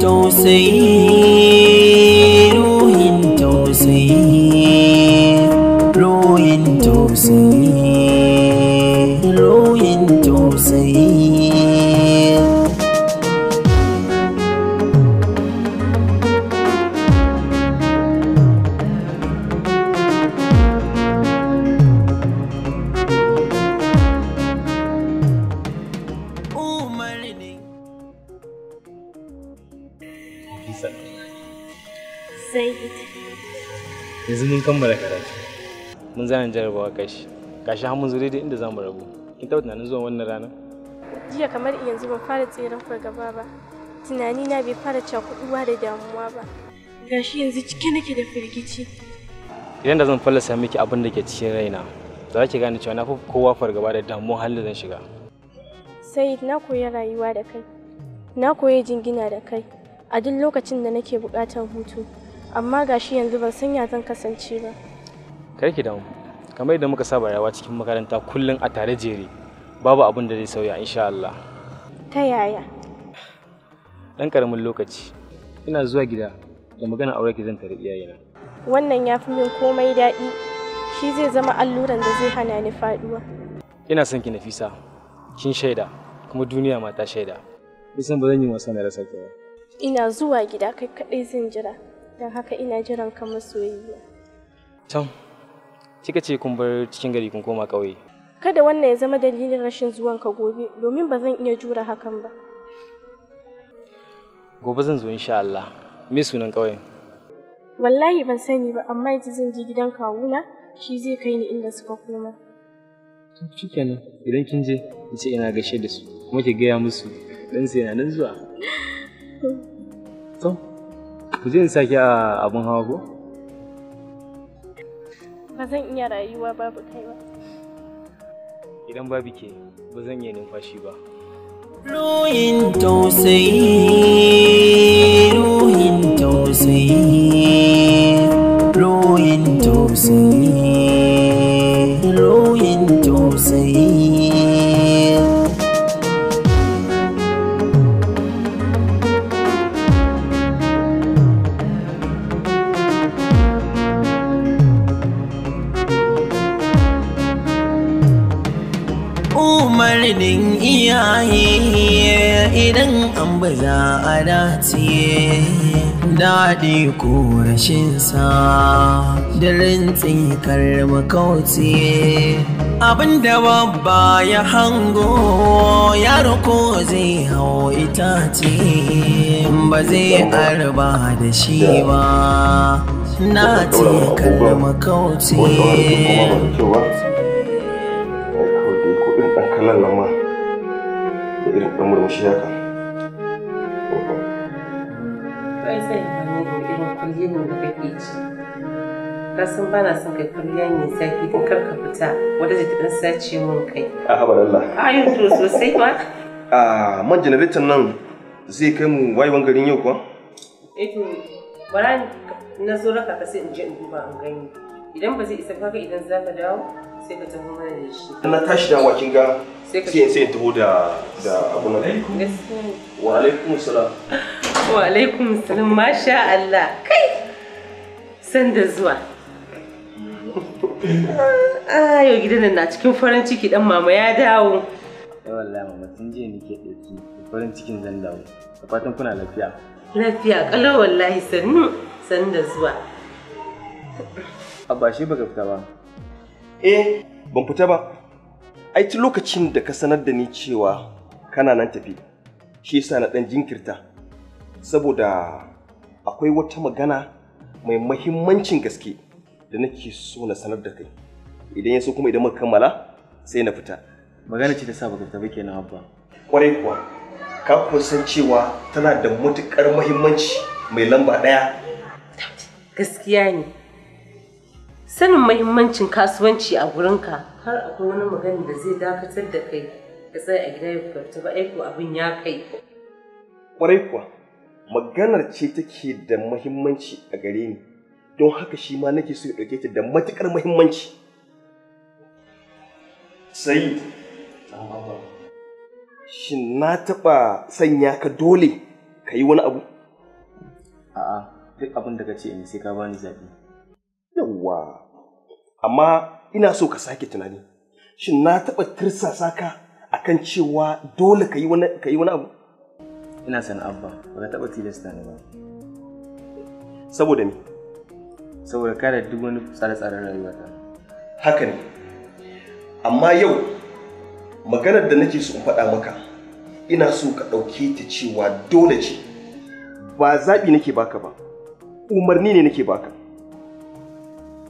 don't say nan jarabawa kashi kashi har mun zure da inda zamu rabu in taɓa tunanin zuwa wannan rana jiya kamar yanzu ban fara tseren fargaba ba tunani na bai fara cakuduwa da damuwa ba gashi yanzu cike nake da firgici idan da zan fallasa miki abin da ke cikin raina za ki gane cewa na fi kowa fargaba da damuwa halin da zan shiga sai na koyi rayuwa da kai na koyi jingina da kai a duk lokacin da nake bukatar hutu amma gashi yanzu ban san ya zan kasance ba kar ki damu kamar yadda muka saba rayuwa cikin makaranta kullum a tare jere babu abin da zai sauya insha Allah ta yaya dan karamin lokaci ina zuwa gida da magana aure ki zan tare iyayena wannan yafi fi min komai daɗi shi zai zama alluran da zai hana ni faduwa. ina son ki nafisa kin shaida kuma duniya ma ta shaida bisan ba zan yi wasa na rasa ki ina zuwa gida kai kaɗai zan jira don haka ina jiran ka masoyiya can kika ce kun bar cikin gari kun koma ƙauye. Kada wannan ya zama dalilin rashin zuwanka gobe domin ba zan iya jura hakan ba. Gobe zan zo insha Allah. Me sunan ƙauyen? Wallahi ban sani ba amma yanzu zan je gidan kawuna shi zai kai ni inda suka koma. Shikenan idan kin je in ce ina gaishe da su kuma ki gaya musu dan sai na nan zuwa. To, ku je in sake a ah, abun hawa ko? ba zan iya rayuwa babu kai ba idan babu ke ba zan iya numfashi ba ruhin tausayi ruhin tausayi haɗin iyaye idan an baza a dace daɗi ko rashinsa da rintsin karmakauce abinda babba ya hango yaro ko zai hau itace ba zai arba da shi ba na ce kauce ma da irin murmushi haka. Bai ba na son kai kulliya mai zafi don kar ka fita wata da ɗan sace mun kai. A haɓar Allah. Ayon to sosai ba. A man janaraitan nan zai kai mu wayewan garin yau kuwa? Eto, eh, bara na zo raka ka sai in je in duba an gani. Idan ba zai isa ba idan za ka dawo, sai ka taho mana da shi na tashi da wakin ga sai sai taho da da abu na wa alaikum salam wa alaikum salam masha Allah kai san da zuwa ayo ah, gidan nan na cikin farin ciki dan mama ya dawo ya wallahi mama tun jiya nake dauki farin cikin zan dawo da fatan kuna lafiya lafiya kalau wallahi sannu san da zuwa abba shi baka fita ba eh ban fita ba ai tun lokacin da ka sanar da ni cewa kana nan tafi shi yasa na dan jinkirta saboda akwai wata magana mai mahimmancin gaske da nake so na sanar da kai idan ya so kuma idan muka kammala sai na fita magana ce ta sa baka tafi kenan abba kwarai kuwa ka kusan cewa tana da matukar mahimmanci mai lamba daya gaskiya ne sanin mahimmancin kasuwanci a gurinka har akwai wani magani da zai dakatar da kai ka tsaya a gida ya fita ba aiko abin ya kai kwarai kuwa maganar ce take da mahimmanci a gare ni don haka shi ma nake so ya ɗauke ta da matuƙar mahimmanci sai shin na taɓa sanya ka dole ka yi wani abu a'a duk abin da ka ce in sai ka bani zaɓi Yawwa, amma ina so ka sake tunani. Shin na taɓa tirsasa ka akan cewa dole ka yi wani abu? Ina san abba, ba ka taɓa tilasta ni ba. Saboda ni, Saboda kare duk wani tsare-tsaren rayuwata. Haka ne. Amma yau, maganar da nake so in faɗa maka, ina so ka ɗauke ta cewa dole ce. Ba zaɓi nake baka ba, umarni ne nake baka.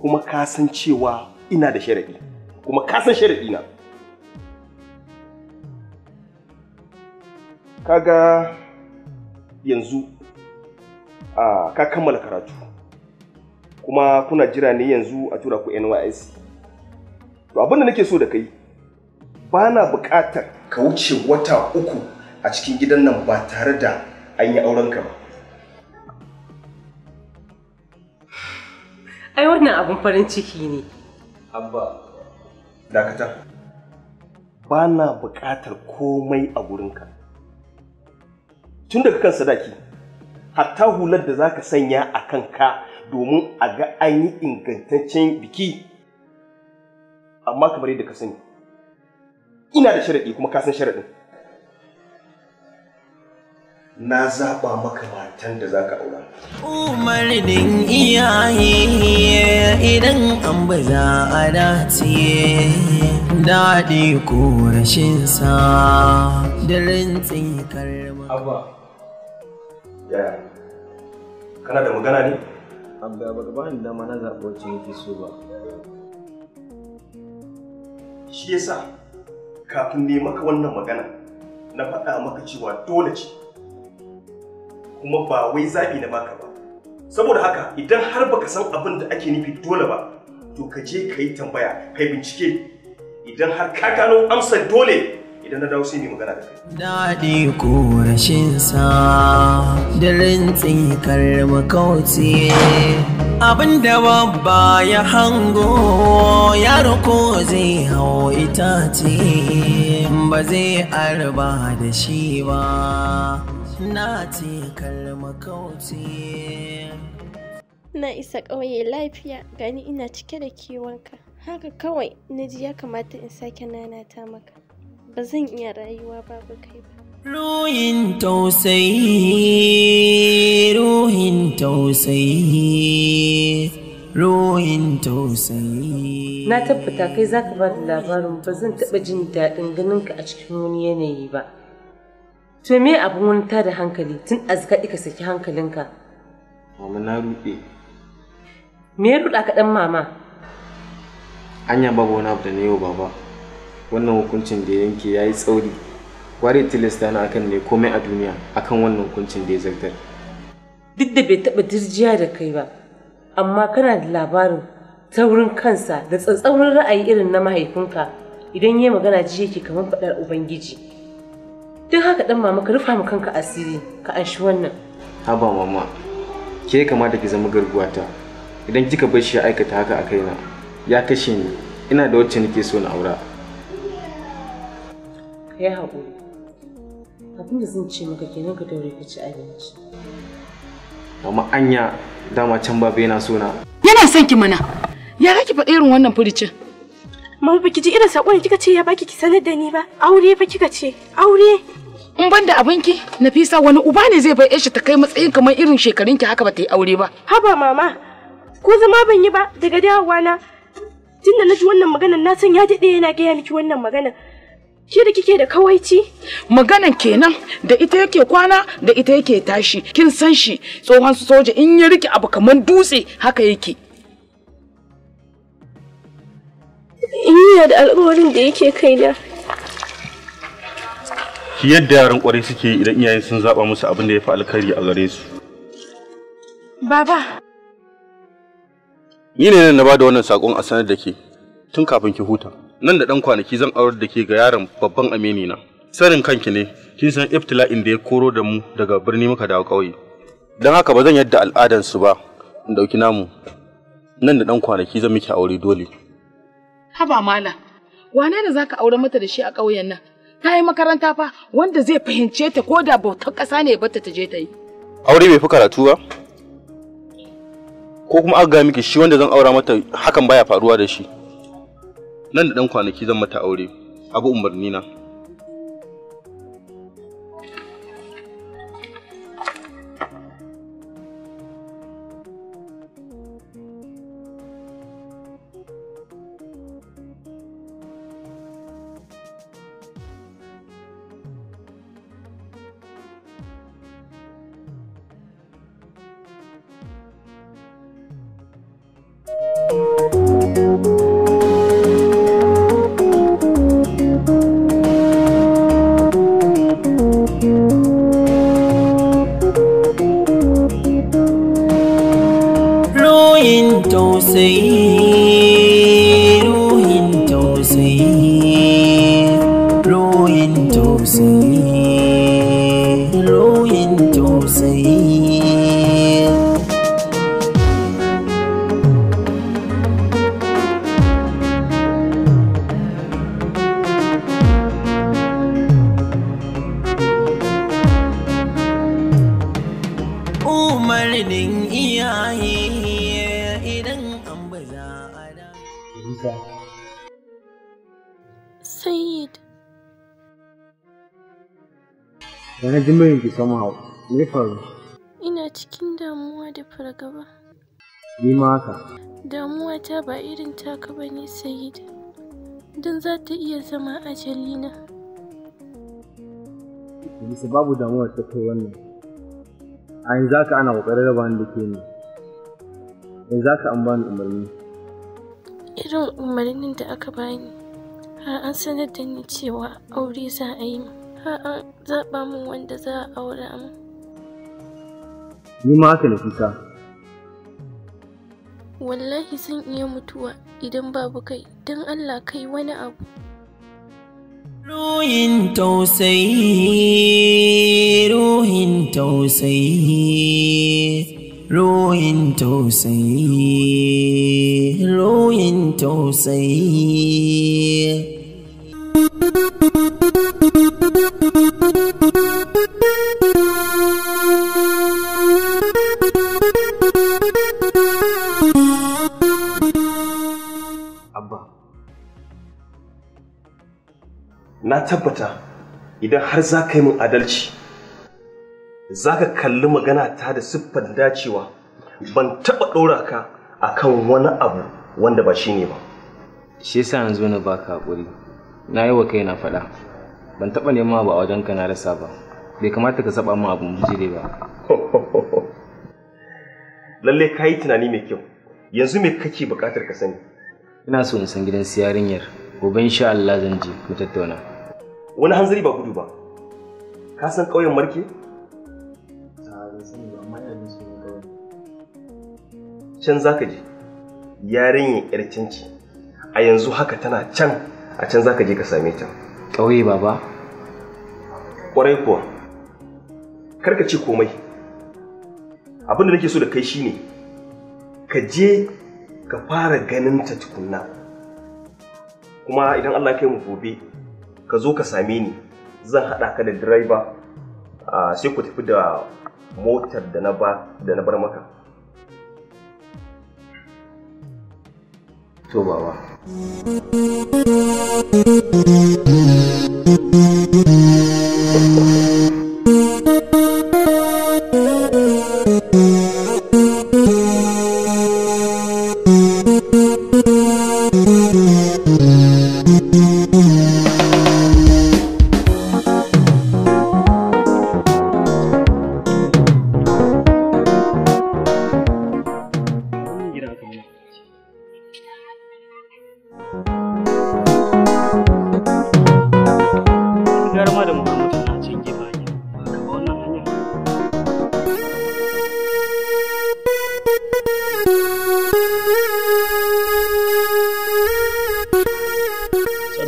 kuma ka san cewa ina da sharaɗi kuma ka san sharaɗi na kaga yanzu a ka kammala karatu kuma kuna jira ne yanzu a tura ku NYSC to abin da nake so da kai ba na buƙatar ka wuce wata uku a cikin gidan nan ba tare da an yi aurenka ba Ai wannan abin farin ciki ne. Abba, dakata. Ba na buƙatar komai a gurinka. Tun daga kan sadaki, hatta hular da za ka sanya a kanka domin a ga an yi ingantaccen biki. Amma kamar yadda ka sani, ina da sharaɗi kuma ka san sharaɗin. na zaba maka matan da za ka aura. Umarnin iyaye idan an baza a dace daɗi ko rashin sa da rantsin karma. Abba, yaya, kana da magana ne? Abba, ba ba ni dama na zaɓa wacce yake so ba. Shi yasa kafin ne maka wannan magana na faɗa maka cewa dole ce. kuma ba wai zaɓi na baka ba saboda haka idan har baka san abin da ake nufi dole ba to ka je ka yi tambaya kai bincike idan har ka gano amsar dole idan na dawo sai mai magana da kai. Daɗi ko rashin sa daren tsinkar kauce abin da babba ya hango yaro ko zai hau itace ba zai arba da shi ba. na ce na isa ƙauye lafiya gani ina cike da kewanka haka kawai na ji ya kamata in sake nanata maka ba zan iya rayuwa babu kai ba ruhin tausayi ruhin tausayi ruhin tausayi na tabbata kai zaka ba da labarin ba zan taɓa jin daɗin ganinka a cikin wani yanayi ba To me abin wani tada hankali tun azka ka saki hankalinka? Mama na ruɗe. Me ya ruɗa kaɗan mama? Anya babu wani abu da na yau baba. Wannan hukuncin da yanke ya yi tsauri. Ware tilasta na akan ne komai a duniya akan wannan hukuncin da ya zartar. Duk da bai taɓa dirjiya da kai ba, amma kana da labarin taurin kansa da tsatsaurin ra'ayi irin na mahaifinka idan ya magana ji yake kamar faɗar Ubangiji. don haka dan mama ka rufa mu kanka asiri ka anshi wannan haba mama ke kamata ki zama garguwata idan kika bar shi ya aikata haka a kaina ya kashe ni ina da wacce nake so na aura kai haƙuri abin da zan ce maka kenan ka daure ka ci abinci mama anya dama can babu yana so na yana son ki mana ya kake faɗa irin wannan furicin Mama baki ji irin sakon kika ce ya baki ki sanar da ni ba. Aure fa kika ce. Aure. in ban da abinki nafisa wani uba ne zai bai shi ta kai matsayin kamar irin shekarunki haka ba ta yi aure ba haba mama ko zama ban yi ba daga dawowa na tun da na ji wannan maganar na san ya daɗe yana gaya miki wannan maganar ke da kike da kawaici maganan kenan da ita yake kwana da ita yake tashi kin san shi tsohon soja in ya rike abu kamar dutse haka yake In yi da alƙawarin da yake kaina ki yadda yaran kwarai suke yi idan iyayen sun zaba musu abin da ya fi alkhairi a gare su baba ni ne na bada wannan sakon a sanar da ke tun kafin ki huta nan da dan kwanaki zan aurar da ke ga yaron babban amini na sanin kanki ne kin san iftila'in da ya koro da mu daga birni muka dawo ƙauye don haka ba zan yadda al'adansu ba in ɗauki namu nan da ɗan kwanaki zan miki aure dole haba mala wane da zaka aure mata da shi a ƙauyen nan ta yi makaranta fa wanda zai fahimce ta ko da bautar ƙasa ne bata ta je ta yi. Aure bai fi karatu ba? Ko kuma aka miki shi wanda zan aura mata hakan baya faruwa da shi. Nan da ɗan kwanaki zan mata aure, abu umarni na. don't say yana ji murin ki hau me faru ina cikin damuwa da fargaba ni ma haka damuwa ta ba irin taka ba ne, sayid don za ta iya zama ajalina bisa babu damuwa ta kai wannan a yanzu haka ana kokarin raba ni da ke ne yanzu haka an bani umarni irin umarnin da aka bani har an sanar da ni cewa aure za a yi har an zaɓa min wanda za a aura min. Ni ma haka Nafisa. Wallahi zan iya mutuwa idan babu kai, don Allah kai wani abu. Ruhin tausayi, ruhin tausayi, ruhin tausayi, ruhin tausayi. idan har za ka yi min adalci za ka kalli magana ta da siffar dacewa ban taɓa ɗora ka a kan wani abu wanda ba shi ne ba shi yasa yanzu na baka hakuri na yi wa kaina faɗa ban taɓa nema ba a wajen ka na rasa ba bai kamata ka saba min abun bijire ba lalle ka yi tunani mai kyau yanzu me kake bukatar ka sani ina so in san gidan su yarinyar gobe insha Allah zan je mu tattauna wani hanzari ba gudu ba ka san ƙauyen marke ah, can za ka je yarinyar yarcinci a yanzu haka tana can a can za ka je ka same ta ƙauye baba ƙwarai kuwa ka ce komai abin da nake so da kai shi ne. ka je ka fara ganin ta tukunna kuma idan Allah ya kai mu gobe ka zo ka same ni zan haɗa ka da direba sai ku tafi da motar da na bar maka to baba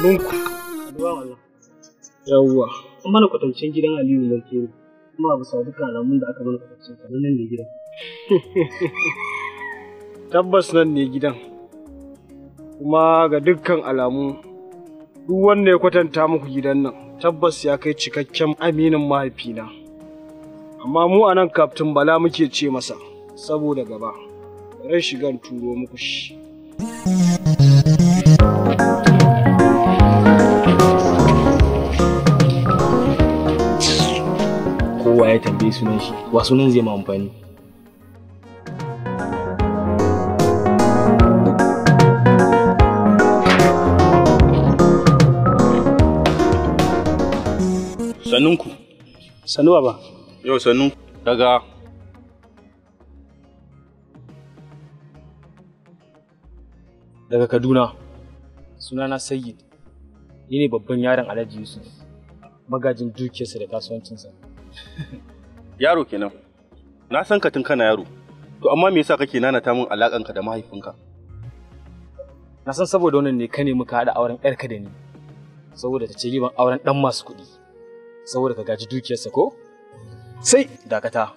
allunku yawwa an mana kwatancin gidan aliyu na kere kuma abu sa duka alamun da aka mana kwatancin kamar nan ne gidan tabbas nan ne gidan kuma ga dukkan alamu duk wanda ya kwatanta muku gidan nan tabbas ya kai cikakken aminin mahaifina amma mu a nan kaftin bala muke ce masa saboda gaba ran shigan turo muku shi ya tambaye sunan shi wa sunan zai ma amfani sanunku sannu ba yau sanu daga daga kaduna sunana sayyid ni ne babban yaron alhaji yusuf magajin dukiyarsa da kasuwancinsa Yaro kenan. Na san ka tun kana yaro. To amma me yasa kake nanata min ka da mahaifinka? Na san saboda wannan ne ka nemi ka haɗa auren ƴarka da ni. Saboda ta ce riban auren ɗan masu kuɗi. Saboda ka gaji dukiyarsa ko? Sai dakata.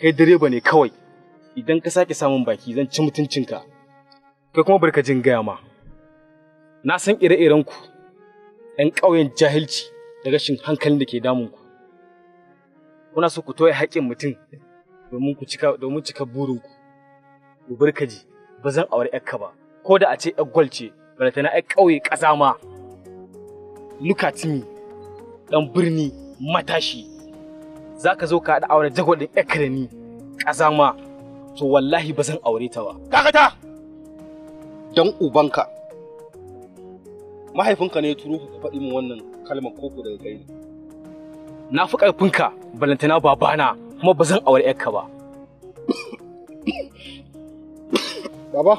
Kai direba ne kawai. Idan ka sake samun baki zan ci mutuncinka. Kai kuma barka jin gaya ma. Na san ire-irenku. ‘Yan ƙauyen jahilci da rashin hankalin da ke damunku. kuna so ku toye haƙƙin mutum domin ku cika domin cika burin ku ku ji ba zan aure ƴakka ba ko da a ce ƴar gwal ce bala tana ƴar ƙauye ƙasa ma look dan birni matashi zaka zo ka haɗa aure jagwal ɗin ƴakka da ni ƙasa ma to wallahi ba zan aure ta ba ta dan ubanka mahaifinka ne ya turo ka faɗi min wannan kalmar koko daga kai na fi ƙarfinka balantana babana kuma ba zan aure ka ba baba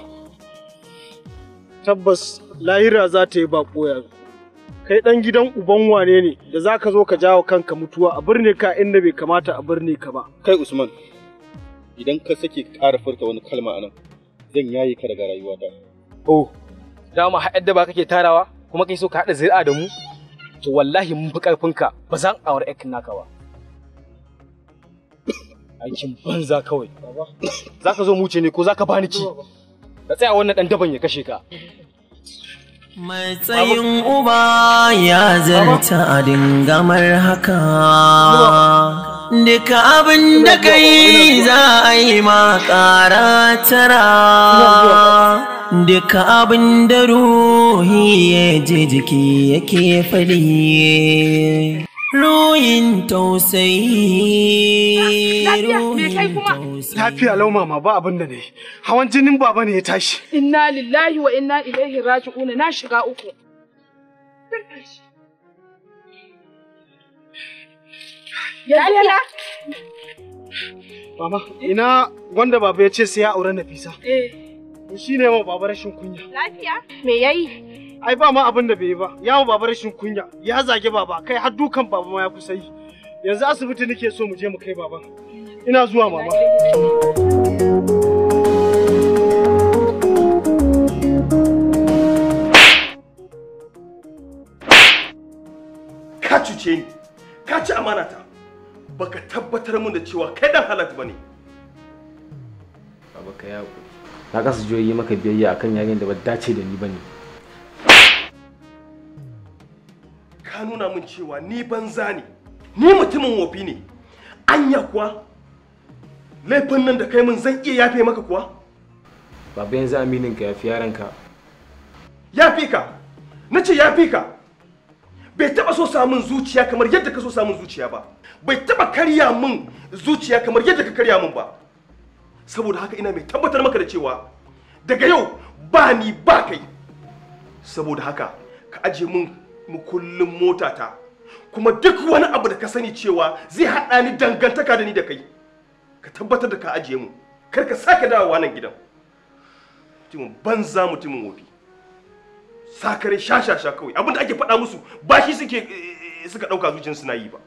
tabbas lahira za ta yi ba yanzu kai dan gidan uban wane ne da za ka zo ka jawo kanka mutuwa a birne ka inda bai kamata a birne ka ba kai usman idan ka sake ƙara furta wani kalma anan zan yayi ka daga rayuwata oh dama haɗar da ba kake tarawa kuma kai so ka haɗa zira da mu to wallahi mun fi ƙarfinka ba zan aure yakin ba aikin banza kawai za ka zo muce ne ko za ka bani ci ka tsaya wannan dan daban ya kashe ka Mai tsayin uba ya zarta a dingamar haka Duka abin da ka yi za a yi ma ƙara tara. Duka abin da ruhi ya ji jiki yake fali. ruhin tausayi lafiya lau mama ba abin da ne hawan jinin baba ne ya tashi inna lillahi wa inna ilaihi raji'un na shiga uku Yalala. Mama, ina wanda baba ya ce sai ya aure Nafisa. Eh. Shi ne ma baba rashin kunya. Lafiya? Me yayi? ai ba ma abin da bai yi ba ya mu baba rashin kunya ya zage baba kai har dukan baba ma ya kusa yi yanzu asibiti nake so mu je mu kai baba ina zuwa mama ka cuce ni ka ci ta baka tabbatar mun da cewa kai dan halat bane baba ka ya na kasa jiyoyi maka biyayya akan yayin da ba dace da ni bane nuna min cewa ni banza ne ni mutumin wofi ne anya kuwa laifin nan da kai min zan iya yafe maka kuwa baba yanzu aminin ka yafi yaranka yafi ka na ce yafi ka bai taba so samun zuciya kamar yadda ka so samun zuciya ba bai taba karya min zuciya kamar yadda ka karya min ba saboda haka ina mai tabbatar maka da cewa daga yau ba ni ba kai saboda haka ka aje min mukullin motata kuma duk wani abu da ka sani cewa zai haɗa ni dangantaka da ni da kai ka tabbatar da ka ajiye mu kar ka sake dawowa nan gidan za mu mutumin wofi sakare shashasha kawai abin da ake faɗa musu ba shi suke eh, suka ɗauka zuciyar suna yi ba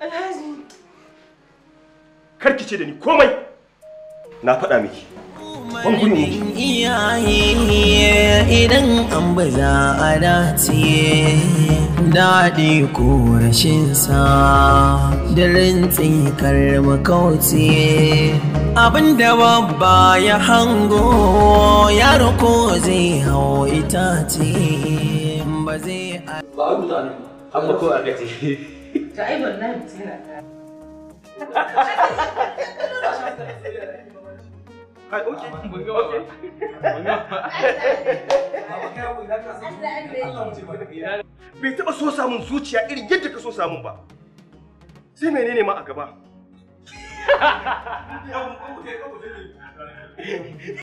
Alhaji. Karki ce da ni komai. Na faɗa miki. iyaye idan an baza a dace daɗi ko rashin sa da rintsin Abin abinda babba ya hango yaro ko zai hau itace ba zai a ba ko a gaji ta tsira ta Ai, ok. Mun gama ba. Mun gama Bai taɓa so samun zuciya irin yadda ka so samun ba. Sai menene ma a gaba?